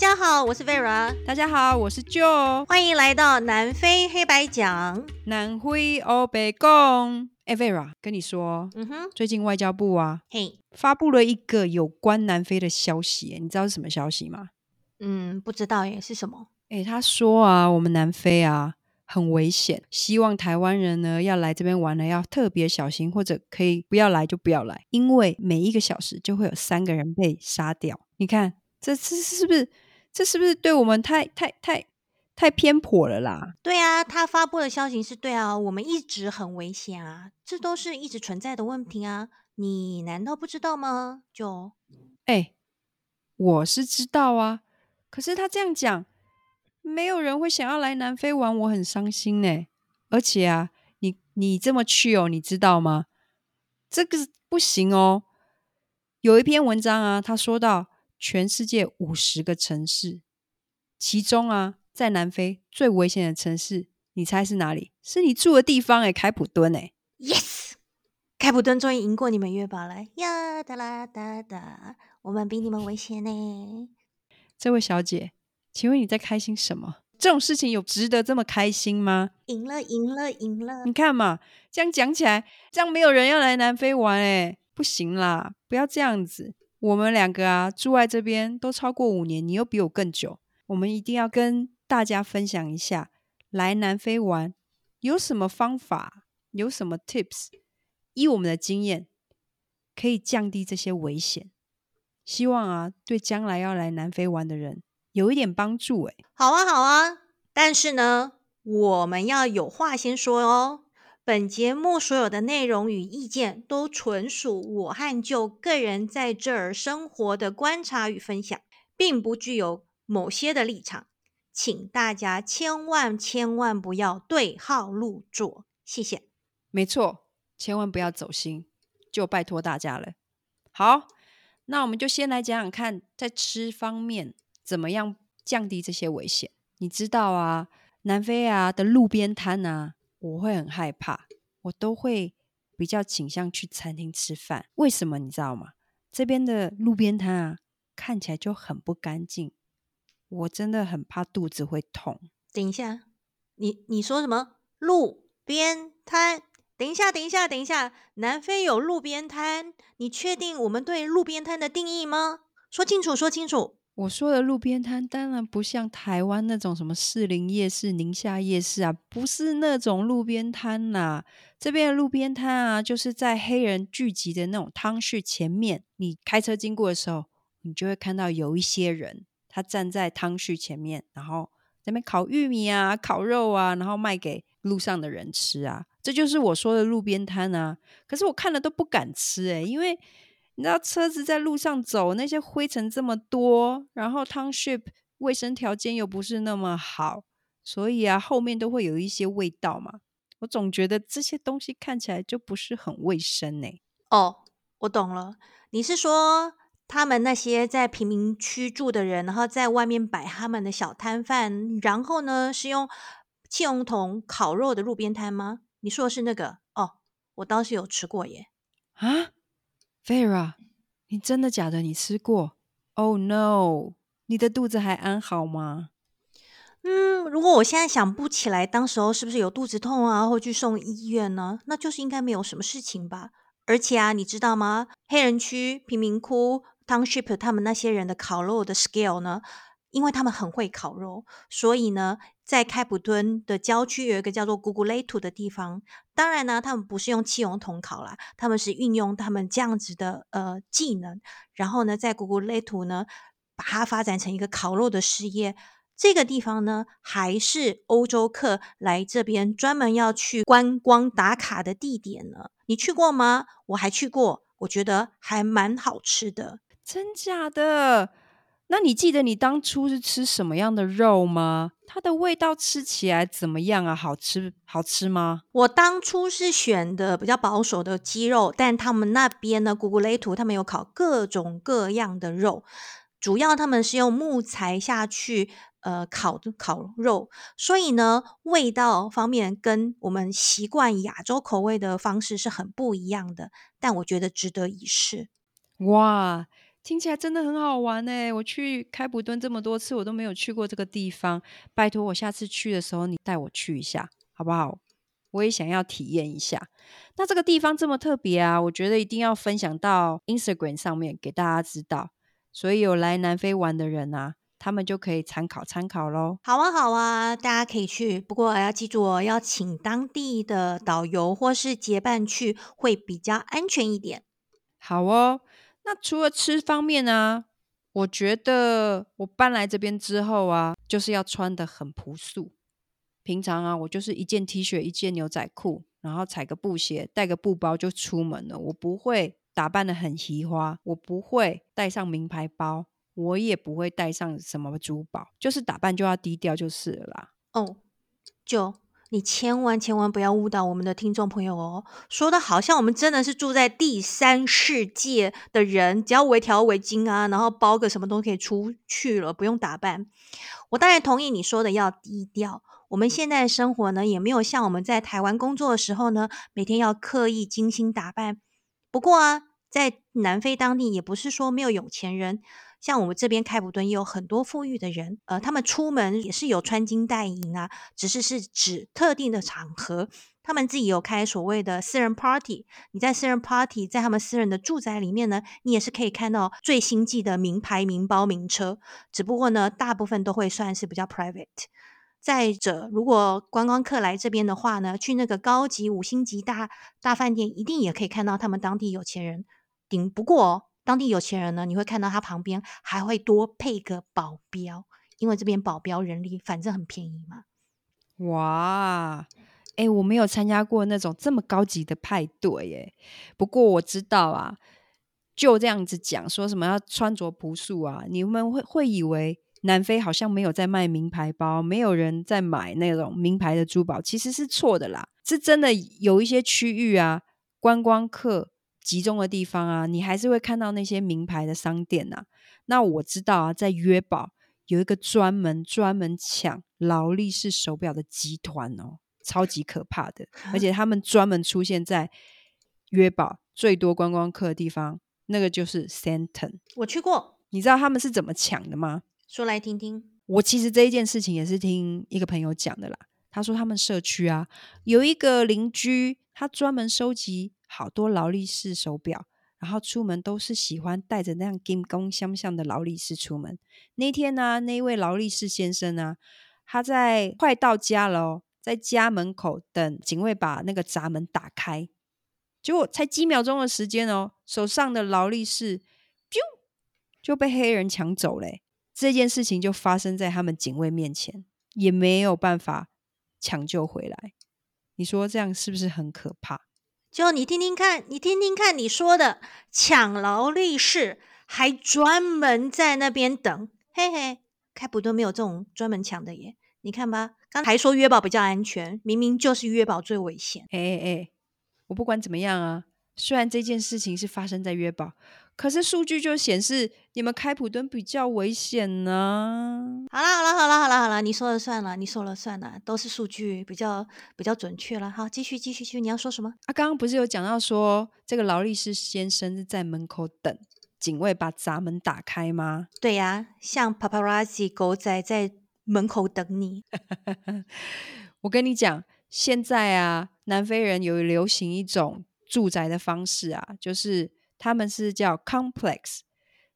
大家好，我是 Vera。大家好，我是 Gio。歡迎來到南非黑白講。南非歐北共，哎，Vera，跟你說，嗯哼，最近外交部啊，嘿、hey.，發布了一個有關南非的消息，你知道是什麼消息嗎？嗯，不知道耶，是什麼？哎，他說啊，我們南非啊很危險，希望臺灣人呢要來這邊玩呢，要特別小心，或者可以不要來就不要來，因為每一個小時就會有三個人被殺掉。你看，這這是，是不是？這是不是對我們太太太太偏頗了啦？對啊，他發布的消息是對啊，我們一直很危險啊，這都是一直存在的問題啊，你難道不知道嗎？就哎、欸，我是知道啊，可是他這樣講，沒有人會想要來南非玩，我很傷心呢、欸。而且啊，你你這麼去哦，你知道嗎？這個不行哦。有一篇文章啊，他說到。全世界五十個城市，其中啊，在南非最危險的城市，你猜是哪裡？是你住的地方哎、欸，開普敦哎、欸、，yes，開普敦終於贏過你們約堡了，噠啦噠噠，我們比你們危險呢、欸。 這位小姐，請問你在開心什麼？這種事情有值得這麼開心嗎？贏了，贏了，贏了！你看嘛，這樣講起來，這樣沒有人要來南非玩哎、欸，不行啦，不要這樣子。我們兩個啊，住在這邊都超過五年，你又比我更久。我們一定要跟大家分享一下，來南非玩有什麼方法，有什麼 tips，以我們的經驗，可以降低這些危險。希望啊，對將來要來南非玩的人有一點幫助誒。好啊，好啊，但是呢，我們要有話先說哦。本節目所有的內容與意見都純屬我和就個人在這兒生活的觀察與分享，並不具有某些的立場，請大家千萬千萬不要對號入座。謝謝。沒錯，千萬不要走心，就拜托大家了。好，那我們就先來講講看，在吃方面怎麼樣降低這些危險。你知道啊，南非啊的路邊攤啊。我會很害怕，我都會比較傾向去餐廳吃飯。為什麼你知道嗎？這邊的路邊攤啊，看起來就很不乾淨，我真的很怕肚子會痛。等一下，你你說什麼路邊攤？等一下，等一下，等一下，南非有路邊攤？你確定我們對路邊攤的定義嗎？說清楚，說清楚。我說的路邊攤，當然不像台灣那種什麼士林夜市、寧夏夜市啊，不是那種路邊攤啦、啊。這邊的路邊攤啊，就是在黑人聚集的那種湯序前面，你開車經過的時候，你就會看到有一些人，他站在湯序前面，然後在那邊烤玉米啊、烤肉啊，然後賣給路上的人吃啊。這就是我說的路邊攤啊。可是我看了都不敢吃誒、欸，因為。你知道車子在路上走，那些灰塵這麼多，然後 township 衛生條件又不是那麼好，所以啊，後面都會有一些味道嘛。我總覺得這些東西看起來就不是很衛生呢、欸。哦，我懂了，你是說他們那些在貧民區住的人，然後在外面擺他們的小攤販，然後呢是用汽油桶烤肉的路邊攤嗎？你說的是那個？哦，我當時有吃過耶。啊？Vera 你真的假的？你吃過？Oh no！你的肚子還安好嗎？嗯，如果我現在想不起來，當時候是不是有肚子痛啊，或去送醫院呢、啊？那就是應該沒有什麼事情吧。而且啊，你知道嗎？黑人區、貧民窟、Township，他們那些人的烤肉的 scale 呢？因為他們很會烤肉，所以呢，在開普敦的郊區有一個叫做古古勒圖的地方。當然呢，他們不是用汽油桶烤啦，他們是運用他們這樣子的呃技能，然後呢，在古古勒圖呢，把它發展成一個烤肉的事業。這個地方呢，還是歐洲客來這邊專門要去觀光打卡的地點呢。你去過嗎？我還去過，我覺得還蠻好吃的。真假的？那你記得你當初是吃什麼樣的肉嗎？它的味道吃起來怎麼樣啊？好吃好吃嗎？我當初是選的比較保守的雞肉，但他們那邊呢，古古雷圖他們有烤各種各樣的肉，主要他們是用木材下去呃烤的烤肉，所以呢，味道方面跟我們習慣亞洲口味的方式是很不一樣的，但我覺得值得一試。哇！聽起來真的很好玩哎！我去開普敦這麼多次，我都沒有去過這個地方。拜託，我下次去的時候你帶我去一下，好不好？我也想要體驗一下。那這個地方這麼特別啊，我覺得一定要分享到 Instagram 上面給大家知道，所以有來南非玩的人啊，他們就可以參考參考嘍。好啊，好啊，大家可以去，不過要記住，要請當地的導遊或是結伴去，會比較安全一點。好哦。那除了吃方面啊，我覺得我搬來這邊之後啊，就是要穿得很樸素。平常啊，我就是一件 T 恤，一件牛仔褲，然後踩個布鞋，帶個布包就出門了。我不會打扮得很奇花，我不會帶上名牌包，我也不會帶上什麼珠寶，就是打扮就要低調就是了啦。哦，就。你千萬千萬不要誤導我們的聽眾朋友哦，說的好像我們真的是住在第三世界的人，只要圍條圍巾啊，然後包個什麼都可以出去了，不用打扮。我當然同意你說的要低調。我們現在的生活呢，也沒有像我們在台灣工作的時候呢，每天要刻意精心打扮。不過啊，在南非當地也不是說沒有有錢人。像我們這邊開普敦也有很多富裕的人，呃，他們出門也是有穿金戴銀啊，只是是指特定的場合，他們自己有開所謂的私人 party。你在私人 party，在他們私人的住宅裡面呢，你也是可以看到最新季的名牌、名包、名車。只不過呢，大部分都會算是比較 private。再者，如果觀光客來這邊的話呢，去那個高級五星級大大飯店，一定也可以看到他們當地有錢人頂不過哦。當地有錢人呢，你會看到他旁邊還會多配個保鏢，因為這邊保鏢人力反正很便宜嘛。哇，哎、欸，我沒有參加過那種這麼高級的派對耶。不過我知道啊，就這樣子講說什麼要穿着樸素啊，你們會會以為南非好像沒有在賣名牌包，沒有人在買那種名牌的珠寶，其實是錯的啦，是真的有一些區域啊，觀光客。集中的地方啊，你還是會看到那些名牌的商店啊。那我知道啊，在約堡有一個專門專門搶勞力士手錶的集團哦，超級可怕的，而且他們專門出現在約堡最多觀光客的地方，那個就是 Sandton。我去過，你知道他們是怎麼搶的嗎？說來聽聽。我其實這一件事情也是聽一個朋友講的啦。他說他們社區啊，有一個鄰居，他專門收集。好多勞力士手錶，然後出門都是喜歡帶着那樣金光相像的勞力士出門。那天呢、啊，那一位勞力士先生呢、啊，他在快到家了、哦，在家門口等警衛把那個閘門打開，結果才幾秒鐘的時間哦，手上的勞力士啾就被黑人搶走嘞。這件事情就發生在他們警衛面前，也沒有辦法搶救回來。你說這樣是不是很可怕？就你聽聽看，你聽聽看，你說的搶勞力士，還專門在那邊等，嘿嘿，開普敦沒有這種專門搶的耶。你看吧，剛才說約堡比較安全，明明就是約堡最危險。哎哎，我不管怎麼樣啊，雖然這件事情是發生在約堡。可是數據就顯示你們開普敦比較危險呢、啊。好了，好了，好了，好了，好啦，你說了算了，你說了算了，都是數據比較比較準確了。好，繼續，繼續，繼續，你要說什麼？啊，剛剛不是有講到說這個勞力士先生是在門口等警衛把閘門打開嗎？對呀、啊，像 paparazzi 狗仔在門口等你。 我跟你講，現在啊，南非人有流行一種住宅的方式啊，就是。他們是叫 complex，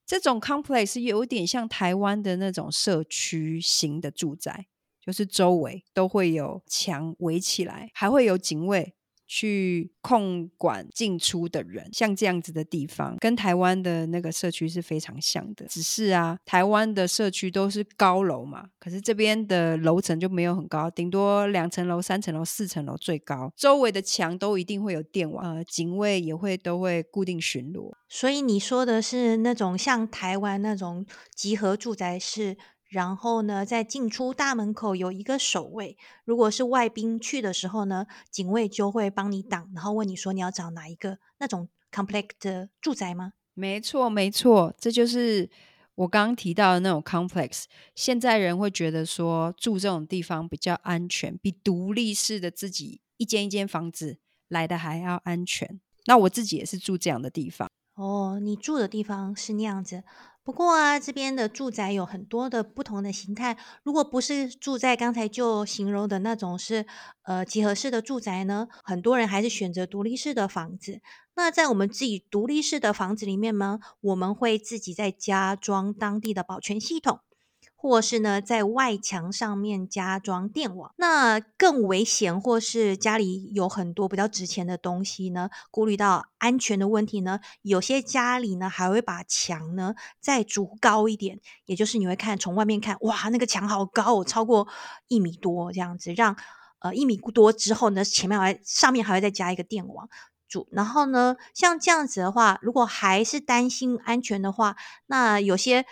這種 complex 有點像台灣的那種社區型的住宅，就是周圍都會有牆圍起來，還會有警衛。去控管進出的人，像這樣子的地方，跟台灣的那個社區是非常像的。只是啊，台灣的社區都是高樓嘛，可是這邊的樓層就沒有很高，頂多兩層樓、三層樓、四層樓最高，周圍的牆都一定會有電網，呃，警衛也會都會固定巡邏。所以你說的是那種像台灣那種集合住宅是？然後呢，在進出大門口有一個守衛。如果是外賓去的時候呢，警衛就會幫你擋，然後問你說，你要找哪一個那種 complex 的住宅嗎？沒錯，沒錯，這就是我剛剛提到的那種 complex。現在人會覺得說，住這種地方比較安全，比獨立式的自己一間一間房子來得還要安全。那我自己也是住這樣的地方。哦，你住的地方是那樣子。不過啊，這邊的住宅有很多的不同的形態。如果不是住在剛才就形容的那種是呃集合式的住宅呢，很多人還是選擇獨立式的房子，那在我們自己獨立式的房子裡面呢，我們會自己再加裝當地的保全系統。或是呢，在外牆上面加裝電網，那更危險。或是家裡有很多比較值錢的東西呢，顧慮到安全的問題呢，有些家裡呢還會把牆呢再築高一點，也就是你會看從外面看，哇，那個牆好高哦，超過一米多這樣子，讓呃一米多之後呢，前面還上面還會再加一個電網築。然後呢，像這樣子的話，如果還是擔心安全的話，那有些。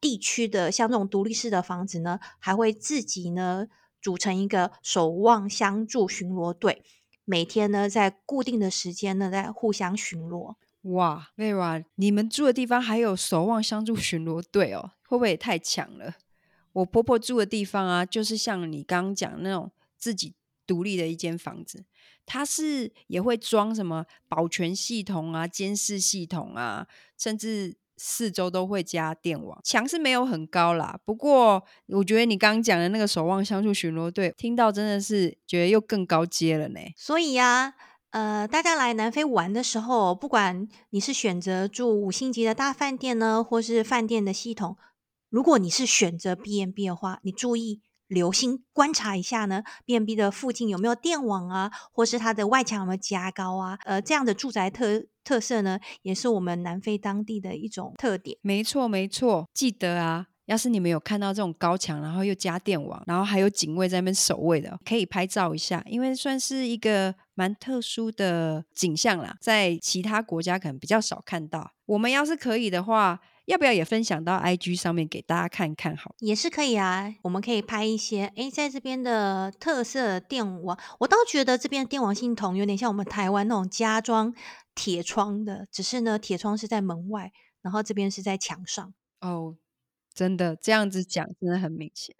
地區的像這種獨立式的房子呢，還會自己呢組成一個守望相助巡邏隊，每天呢在固定的時間呢在互相巡邏。哇，Vera，你們住的地方還有守望相助巡邏隊哦，會不會也太強了？我婆婆住的地方啊，就是像你剛剛講那種自己獨立的一間房子，她是也會裝什麼保全系統啊、監視系統啊，甚至。四周都會加電網，牆是沒有很高啦。不過我覺得你剛剛講的那個守望相助巡邏隊，聽到真的是覺得又更高階了呢。所以呀、啊，呃，大家來南非玩的時候，不管你是選擇住五星級的大飯店呢，或是飯店的系統，如果你是選擇 B and B 的話，你注意。留心觀察一下呢，B&B 的附近有沒有電網啊，或是它的外牆有沒有加高啊？呃，這樣的住宅特特色呢，也是我們南非當地的一種特點。沒錯，沒錯，記得啊。要是你們有看到這種高牆，然後又加電網，然後還有警衛在那邊守衛的，可以拍照一下，因為算是一個蠻特殊的景象啦，在其他國家可能比較少看到。我們要是可以的話，要不要也分享到 IG 上面給大家看看？好，也是可以啊。我們可以拍一些誒，在這邊的特色電網。我倒覺得這邊電網系統有點像我們台灣那種加裝鐵窗的，只是呢，鐵窗是在門外，然後這邊是在牆上。哦，真的，這樣子講真的很明顯。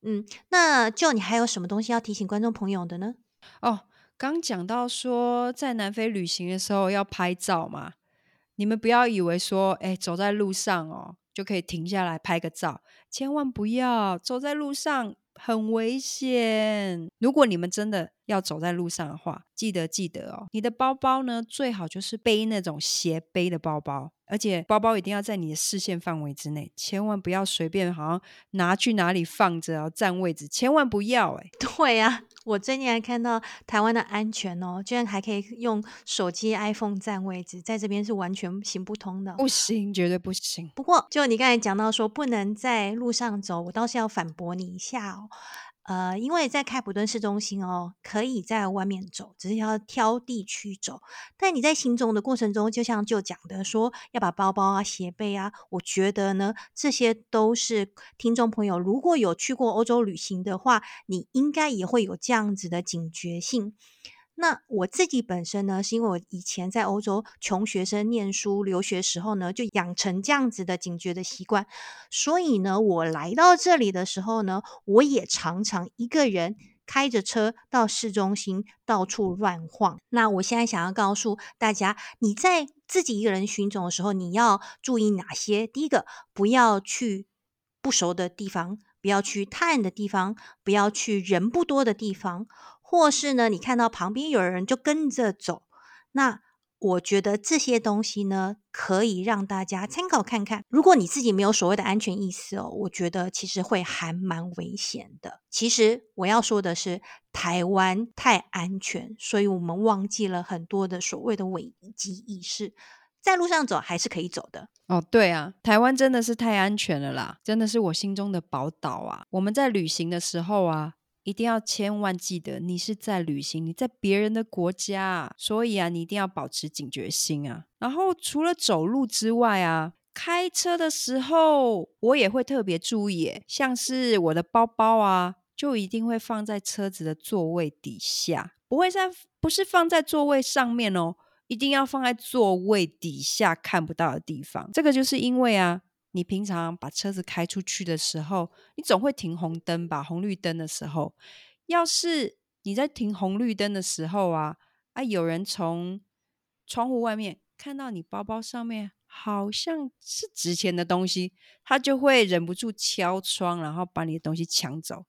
嗯，那就你還有什麼東西要提醒觀眾朋友的呢？哦，剛講到說在南非旅行的時候要拍照嘛。你們不要以為說，誒走在路上哦，就可以停下來拍個照，千萬不要。走在路上很危險。如果你們真的要走在路上的話，記得記得哦，你的包包呢，最好就是背那種斜背的包包，而且包包一定要在你的視線範圍之內，千萬不要隨便好像拿去哪裡放着，然後占位置，千萬不要。哎，對呀、啊。我最近還看到台灣的安全哦，居然還可以用手機 iPhone 占位置，在這邊是完全行不通的，不行，絕對不行。不過，就你剛才講到說不能在路上走，我倒是要反駁你一下哦。呃，因為在開普敦市中心哦，可以在外面走，只是要挑地區走。但你在行走的過程中，就像就講的說，要把包包啊、斜背啊，我覺得呢，這些都是聽眾朋友如果有去過歐洲旅行的話，你應該也會有這樣子的警覺性。那我自己本身呢，是因為我以前在歐洲窮學生念書留學時候呢，就養成這樣子的警覺的習慣，所以呢，我來到這裡的時候呢，我也常常一個人開着車到市中心到處亂晃。那我現在想要告訴大家，你在自己一個人尋找的時候，你要注意哪些？第一個，不要去不熟的地方，不要去太暗的地方，不要去人不多的地方。或是呢，你看到旁邊有人就跟着走，那我覺得這些東西呢，可以讓大家參考看看。如果你自己沒有所謂的安全意識哦，我覺得其實會還蠻危險的。其實我要說的是，台灣太安全，所以我們忘記了很多的所謂的危機意識，在路上走還是可以走的。哦，對啊，台灣真的是太安全了啦，真的是我心中的寶島啊。我們在旅行的時候啊。一定要千萬記得，你是在旅行，你在別人的國家，所以啊，你一定要保持警覺心啊。然後除了走路之外啊，開車的時候我也會特別注意，像是我的包包啊，就一定會放在車子的座位底下，不會在，不是放在座位上面哦，一定要放在座位底下看不到的地方。這個就是因為啊。你平常把車子開出去的時候，你總會停紅燈吧？紅綠燈的時候，要是你在停紅綠燈的時候啊，啊，有人從窗戶外面看到你包包上面好像是值錢的東西，他就會忍不住敲窗，然後把你的東西搶走。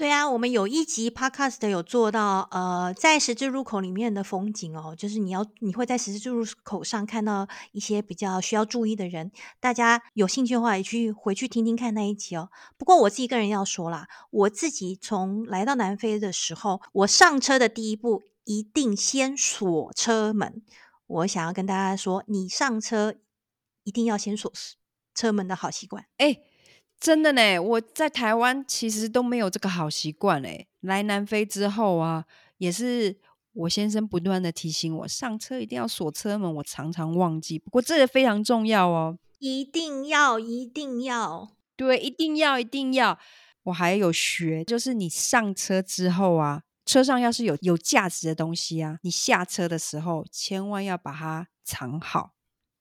對啊，我們有一集 podcast 有做到，呃，在十字路口裡面的風景哦，就是你要你會在十字路口上看到一些比較需要注意的人，大家有興趣的話也去回去聽聽看那一集哦。不過我自己個人要說啦，我自己從來到南非的時候，我上車的第一步一定先鎖車門。我想要跟大家說，你上車一定要先鎖車門的好習慣。誒真的呢，我在台灣其實都沒有這個好習慣誒。來南非之後啊，也是我先生不斷的提醒我，上車一定要鎖車門，我常常忘記。不過這個非常重要哦。一定要，一定要，對，一定要，一定要。我還有學，就是你上車之後啊，車上要是有有價值的東西啊，你下車的時候千萬要把它藏好。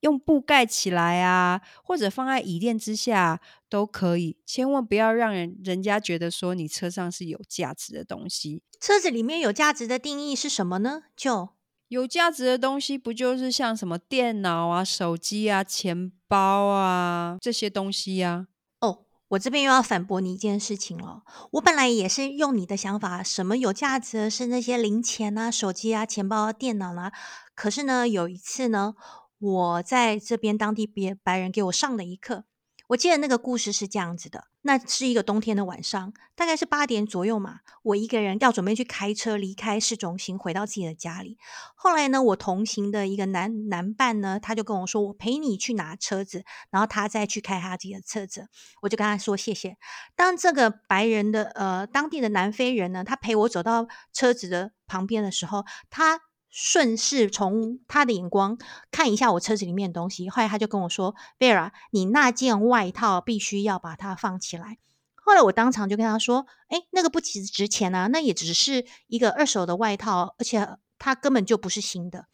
用布蓋起來啊，或者放在椅墊之下都可以，千萬不要讓人人家覺得說你車上是有價值的東西。車子裡面有價值的定義是什麼呢？就有價值的東西，不就是像什麼電腦啊、手機啊、錢包啊這些東西呀、啊？哦、oh，我這邊又要反駁你一件事情了。我本來也是用你的想法，什麼有價值的是那些零錢啊、手機啊、錢包啊、電腦啊。可是呢，有一次呢。我在這邊當地別，白人給我上了一課，我記得那個故事是這樣子的。那是一個冬天的晚上，大概是八點左右嘛。我一個人要準備去開車離開市中心，回到自己的家裡。後來呢，我同行的一個男男伴呢，他就跟我說：“我陪你去拿車子，然後他再去開他自己的車子。”我就跟他說：“謝謝。”當這個白人的呃當地的南非人呢，他陪我走到車子的旁邊的時候，他。順勢從他的眼光看一下我車子裡面的東西，後來他就跟我說：“Vera，你那件外套必須要把它放起來。”後來我當場就跟他說：“哎，那個不值值錢啊，那也只是一個二手的外套，而且它根本就不是新的。”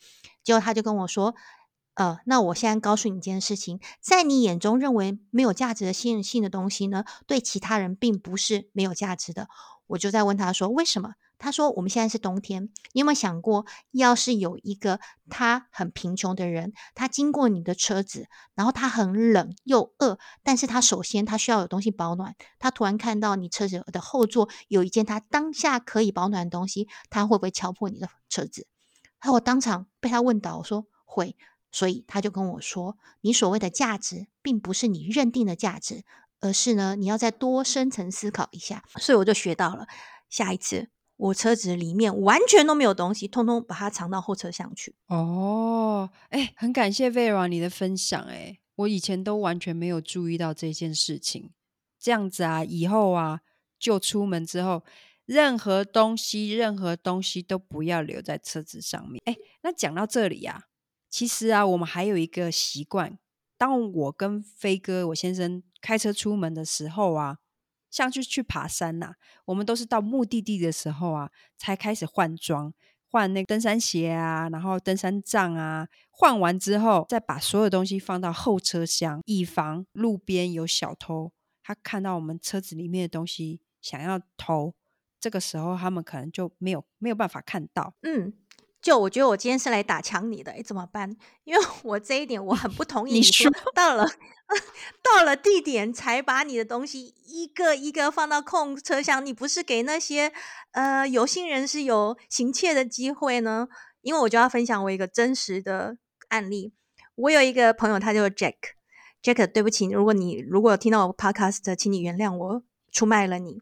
結果他就跟我說：“呃，那我現在告訴你一件事情，在你眼中認為沒有價值的新的東西呢，對其他人並不是沒有價值的。”我就再問他說：“為什麼？”他說：“我們現在是冬天，你有沒有想過，要是有一個他很貧窮的人，他經過你的車子，然後他很冷又餓，但是他首先他需要有東西保暖。他突然看到你車子的後座有一件他當下可以保暖的東西，他會不會敲破你的車子？”然後我當場被他問到，我說：“會。”所以他就跟我說：“你所謂的價值，並不是你認定的價值，而是呢，你要再多深層思考一下。”所以我就學到了，下一次。我車子裡面完全都沒有東西，通通把它藏到後車廂去。哦，哎，很感謝 Vera 你的分享，欸，哎，我以前都完全沒有注意到這件事情。這樣子啊，以後啊，就出門之後，任何東西，任何東西都不要留在車子上面。哎，欸，那講到這裡啊，其實啊，我們還有一個習慣，當我跟飛哥，我先生開車出門的時候啊。像去去爬山吶啊，我們都是到目的地的時候啊，才開始換裝，換那個登山鞋啊，然後登山杖啊，換完之後再把所有東西放到後車廂，以防路邊有小偷，他看到我們車子裡面的東西想要偷，這個時候他們可能就沒有沒有辦法看到，嗯。就我覺得我今天是來打搶你的，誒怎麼辦？因為我這一點我很不同意你說，你說到了 到了地點才把你的東西一個一個放到空車廂，你不是給那些呃有心人士有行竊的機會呢？因為我就要分享我一個真實的案例，我有一個朋友，他就是 Jack，Jack，Jack, 對不起，如果你如果聽到我 Podcast，請你原諒我出賣了你。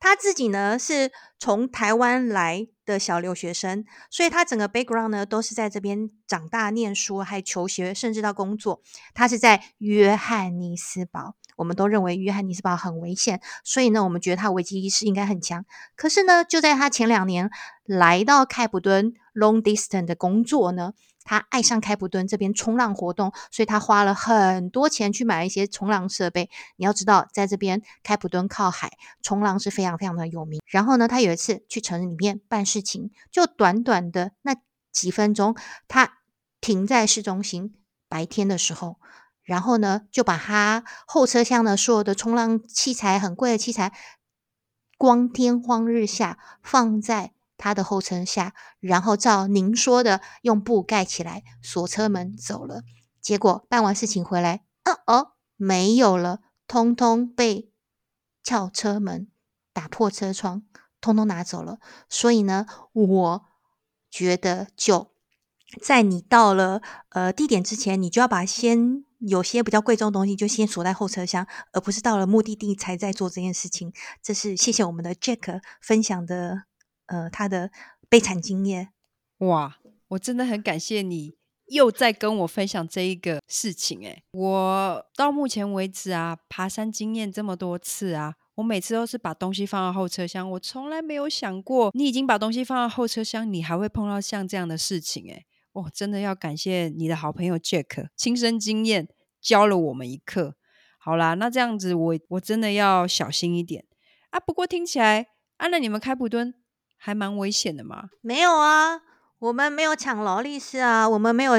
他自己呢，是從台灣來的小留學生，所以他整個 background 呢都是在這邊長大、唸書、還求學，甚至到工作。他是在約翰尼斯堡，我們都認為約翰尼斯堡很危險，所以呢，我們覺得他危機意識應該很強。可是呢，就在他前兩年來到開普敦 long distance 的工作呢。他愛上開普敦這邊衝浪活動，所以他花了很多錢去買一些衝浪設備。你要知道，在這邊開普敦靠海，衝浪是非常非常的有名。然後呢，他有一次去城裡面辦事情，就短短的那幾分鐘，他停在市中心，白天的時候，然後呢，就把他後車廂的所有的衝浪器材，很貴的器材，光天荒日下放在。他的後車廂，然後照您說的用布蓋起來，鎖車門走了。結果辦完事情回來，啊哦，哦，沒有了，通通被撬車門、打破車窗，通通拿走了。所以呢，我覺得就在你到了呃地點之前，你就要把先有些比較貴重的東西就先鎖在後車廂，而不是到了目的地才在做這件事情。這是謝謝我們的 Jack 分享的。呃，他的悲慘經驗哇！我真的很感謝你又在跟我分享這一個事情哎。我到目前為止啊，爬山經驗這麼多次啊，我每次都是把東西放到後車廂，我從來沒有想過你已經把東西放到後車廂，你還會碰到像這樣的事情哎。哇，真的要感謝你的好朋友 Jack 親身經驗教了我們一課。好啦，那這樣子我我真的要小心一點啊。不過聽起來按了、啊、你們開普敦。還蠻危險的嘛？沒有啊，我們沒有搶勞力士啊，我們沒有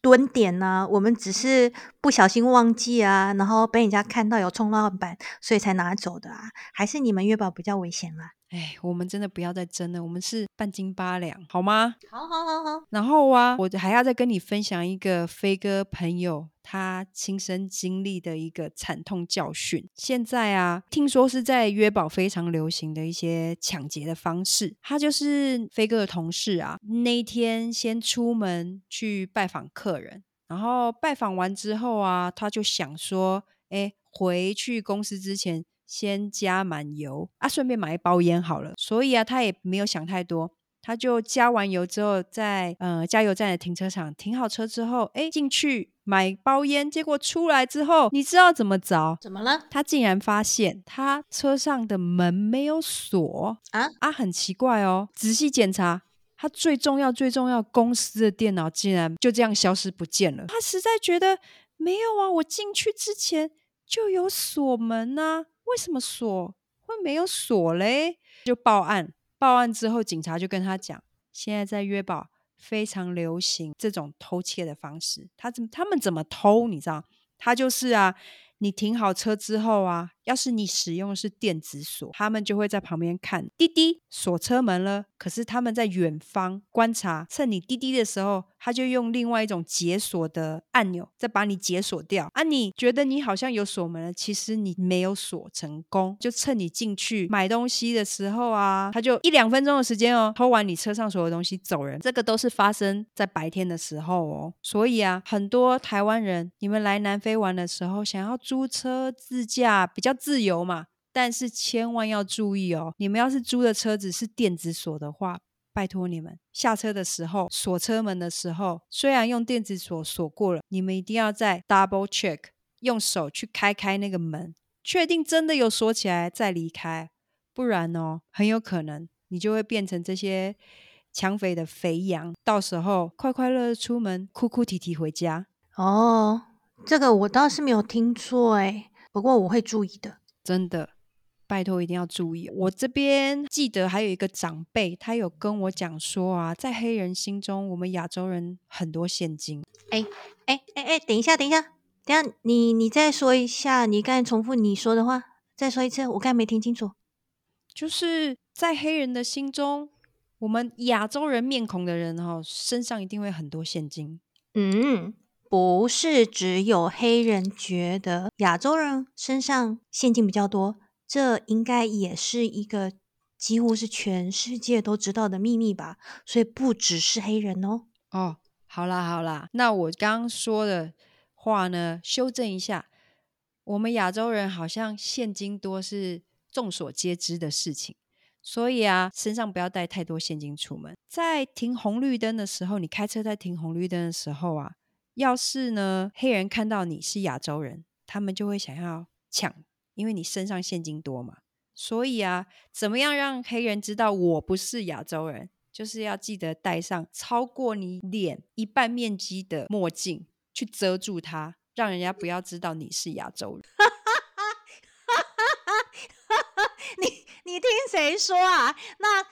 蹲點啊、嗯，我們只是不小心忘記啊，然後被人家看到有衝浪板，所以才拿走的啊，還是你們約堡比較危險啦、啊？哎，我們真的不要再爭了，我們是半斤八兩，好嗎？好，好，好，好。然後啊，我還要再跟你分享一個飛哥朋友他親身經歷的一個慘痛教訓。現在啊，聽說是在約堡非常流行的一些搶劫的方式。他就是飛哥的同事啊，那一天先出門去拜訪客人，然後拜訪完之後啊，他就想說，哎，回去公司之前。先加滿油啊，順便買一包煙好了。所以啊，他也沒有想太多，他就加完油之後在，在呃加油站的停車場停好車之後，哎、欸，進去買包煙，結果出來之後，你知道怎麼着？怎麼了？他竟然發現他車上的門沒有鎖啊啊！很奇怪哦，仔細檢查，他最重要最重要公司的電腦竟然就這樣消失不見了。他實在覺得沒有啊，我進去之前就有鎖門啊。為什麼鎖會沒有鎖嘞？就報案，報案之後警察就跟他講，現在在約堡非常流行這種偷竊的方式。他怎他們怎麼偷？你知道？他就是啊，你停好車之後啊。要是你使用的是電子鎖，他們就會在旁邊看滴滴鎖車門了。可是他們在遠方觀察，趁你滴滴的時候，他就用另外一種解鎖的按鈕再把你解鎖掉。啊，你覺得你好像有鎖門了，其實你沒有鎖成功。就趁你進去買東西的時候啊，他就一兩分鐘的時間哦，偷完你車上所有東西走人。這個都是發生在白天的時候哦。所以啊，很多台灣人，你們來南非玩的時候，想要租車自駕比較。自由嘛，但是千萬要注意哦。你們要是租的車子是電子鎖的話，拜托你們下車的時候鎖車門的時候，雖然用電子鎖鎖過了，你們一定要再 double check，用手去開開那個門，確定真的有鎖起來再離開。不然哦，很有可能你就會變成這些搶匪的肥羊，到時候快快樂樂出門，哭哭啼啼啼回家。哦，這個我倒是沒有聽錯哎。不過我會注意的，真的，拜托一定要注意。我這邊記得還有一個長輩，他有跟我講說啊，在黑人心中，我們亞洲人很多現金。哎哎哎哎，等一下等一下等下，你你再說一下，你剛才重複你說的話，再說一次，我剛才沒聽清楚。就是在黑人的心中，我們亞洲人面孔的人哈、哦，身上一定會很多現金。嗯。不是只有黑人覺得亞洲人身上現金比較多，這應該也是一個幾乎是全世界都知道的秘密吧？所以不只是黑人哦。哦，好啦好啦，那我剛剛說的話呢，修正一下，我們亞洲人好像現金多是眾所皆知的事情，所以啊，身上不要帶太多現金出門。在停紅綠燈的時候，你開車在停紅綠燈的時候啊。要是呢，黑人看到你是亞洲人，他們就會想要搶，因為你身上現金多嘛。所以啊，怎麼樣讓黑人知道我不是亞洲人？就是要記得戴上超過你臉一半面積的墨鏡，去遮住它，讓人家不要知道你是亞洲人。 你你聽誰說啊？那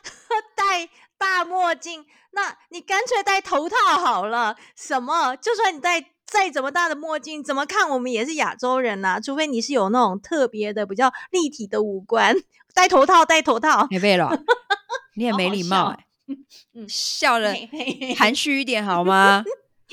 戴。 大墨鏡，那你乾脆戴頭套好了。什麼？就算你戴再怎麼大的墨鏡，怎麼看我們也是亞洲人吶、啊。除非你是有那種特別的、比較立體的五官，戴頭套，戴頭套。欸 Vera， 你也沒禮貌、欸好好。嗯笑得含蓄一點好嗎？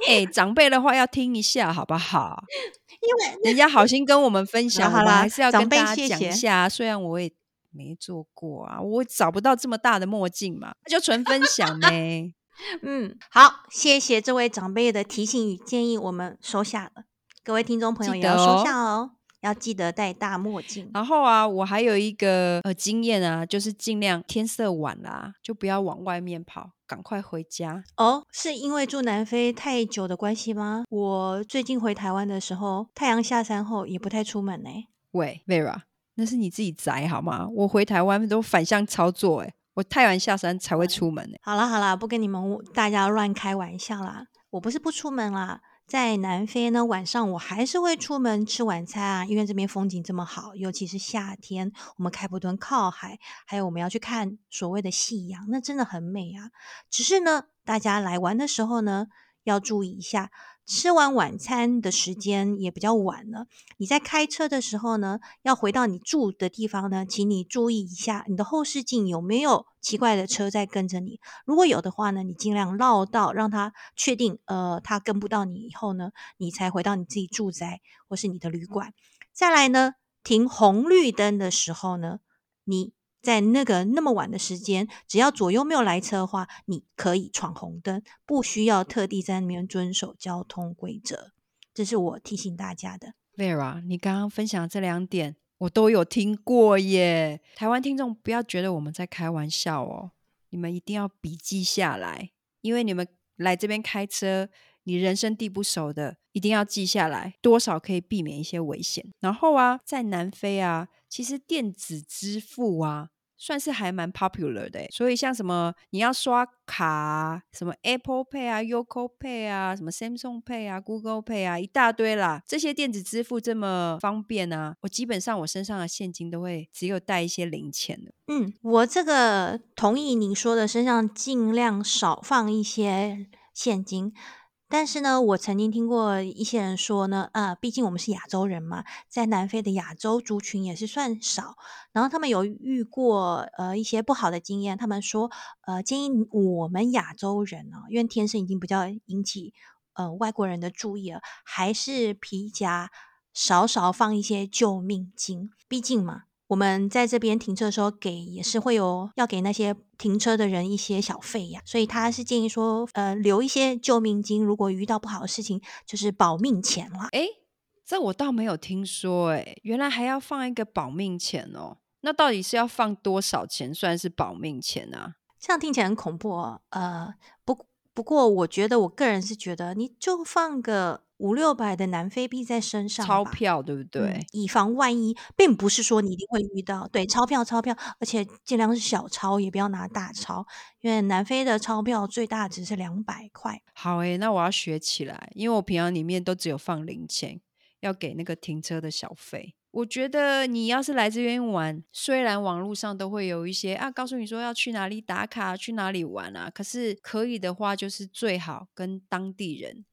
哎、 欸，長輩的話要聽一下，好不好？ 欸、好不好 因為人家好心跟我們分享， 啊、好啦，還是要長輩跟大家講一下。謝謝雖然我也。沒做過啊，我找不到這麼大的墨鏡嘛，那就純分享唄、欸。 嗯，好，謝謝這位長輩的提醒與建議，我們收下了。各位聽眾朋友也要收下哦，記哦要記得戴大墨鏡。然後啊，我還有一個呃經驗啊，就是盡量天色晚了、啊、就不要往外面跑，趕快回家哦。是因為住南非太久的關係嗎？我最近回台灣的時候，太陽下山後也不太出門呢。喂，Vera。那是你自己宅好嗎？我回台灣都反向操作哎欸，我太晚下山才會出門欸。嗯，好了好了，不跟你們大家亂開玩笑了。我不是不出門了，在南非呢，晚上我還是會出門吃晚餐啊，因為這邊風景這麼好，尤其是夏天，我們開普敦靠海，還有我們要去看所謂的夕陽，那真的很美啊。只是呢，大家來玩的時候呢，要注意一下。吃完晚餐的時間也比較晚了，你在開車的時候呢，要回到你住的地方呢，請你注意一下你的後視鏡有沒有奇怪的車在跟着你。如果有的話呢，你盡量繞道，讓他確定呃，他跟不到你以後呢，你才回到你自己住宅或是你的旅館。再來呢，停紅綠燈的時候呢，你。在那個那麼晚的時間，只要左右沒有來車的話，你可以闖紅燈，不需要特地在那邊遵守交通規則。這是我提醒大家的。Vera，你剛剛分享的這兩點，我都有聽過耶。台灣聽眾不要覺得我們在開玩笑哦，你們一定要筆記下來，因為你們來這邊開車，你人生地不熟的，一定要記下來，多少可以避免一些危險。然後啊，在南非啊。其實電子支付啊，算是還蠻 popular 的，所以像什麼你要刷卡，什麼 Apple Pay 啊、Yoko Pay 啊、什麼 Samsung Pay 啊、Google Pay 啊，一大堆啦。這些電子支付這麼方便啊，我基本上我身上的現金都會只有帶一些零錢。嗯，我這個同意你說的，身上盡量少放一些現金。但是呢，我曾經聽過一些人說呢，啊，畢竟我們是亞洲人嘛，在南非的亞洲族群也是算少，然後他們有遇過呃一些不好的經驗，他們說，呃，建議我們亞洲人呢、啊，因為天生已經比較引起呃外國人的注意了，還是皮夾少少放一些救命金，畢竟嘛。我們在這邊停車的時候給，給也是會有要給那些停車的人一些小費呀，所以他是建議說，呃，留一些救命金，如果遇到不好的事情，就是保命錢啦。哎，這我倒沒有聽說、欸，哎，原來還要放一個保命錢哦？那到底是要放多少錢算是保命錢啊？這樣聽起來很恐怖啊、哦。呃，不，不過我覺得我個人是覺得，你就放個。五六百的南非幣在身上，鈔票對不對？嗯，以防萬一，並不是說你一定會遇到。對，鈔票鈔票，而且盡量是小鈔，也不要拿大鈔，因為南非的鈔票最大值是兩百塊。好誒、欸，那我要學起來，因為我平常裡面都只有放零錢，要給那個停車的小費。我覺得你要是來這邊玩，雖然網絡上都會有一些啊，告訴你說要去哪裡打卡、去哪裡玩啊，可是可以的話，就是最好跟當地人。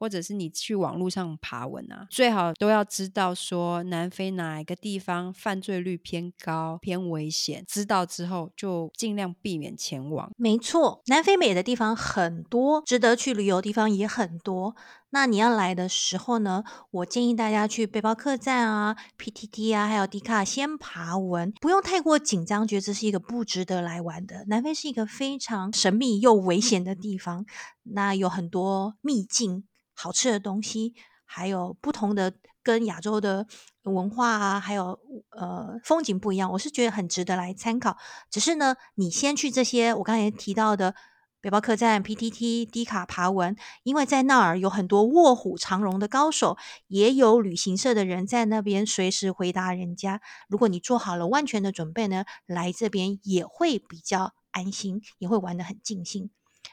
或者是你去網路上爬文啊，最好都要知道說南非哪一個地方犯罪率偏高，偏危險。知道之後就盡量避免前往。沒錯，南非美的地方很多，值得去旅遊的地方也很多。那你要來的時候呢，我建議大家去背包客棧啊、PTT 啊，還有迪卡先爬文，不用太過緊張，覺得這是一個不值得來玩的。南非是一個非常神秘又危險的地方，那有很多秘境。好吃的東西，還有不同的跟亞洲的文化啊，還有呃風景不一樣，我是覺得很值得來參考。只是呢，你先去這些我剛才提到的背包客棧、PTT、低卡爬文，因為在那兒有很多臥虎藏龍的高手，也有旅行社的人在那邊隨時回答人家。如果你做好了萬全的準備呢，來這邊也會比較安心，也會玩得很盡興。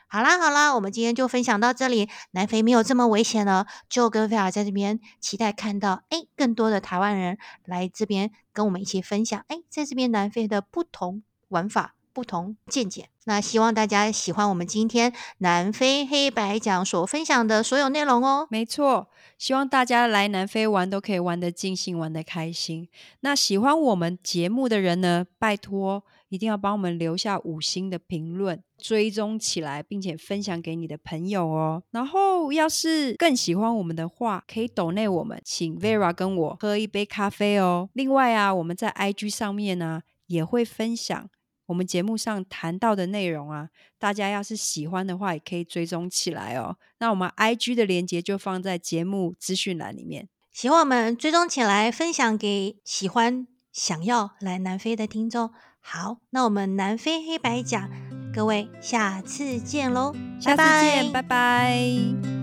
好啦好啦，我們今天就分享到這裡。南非沒有這麼危險了，就跟 Vera 在這邊期待看到誒更多的台灣人來這邊跟我們一起分享哎，在這邊南非的不同玩法、不同見解。那希望大家喜歡我們今天南非黑白講所分享的所有內容哦。沒錯，希望大家來南非玩都可以玩得盡興、玩得開心。那喜歡我們節目的人呢，拜託。一定要幫我們留下五星的評論，追蹤起來，並且分享給你的朋友哦。然後，要是更喜歡我們的話，可以鬥內我們，請 Vera 跟我喝一杯咖啡哦。另外啊，我們在 IG 上面呢、啊、也會分享我們節目上談到的內容啊，大家要是喜歡的話，也可以追蹤起來哦。那我們 IG 的鏈接就放在節目資訊欄裡面，希望我們追蹤起來，分享給喜歡、想要來南非的聽眾。好，那我們南非黑白講，各位下次見嘍，下次見，拜拜。拜拜。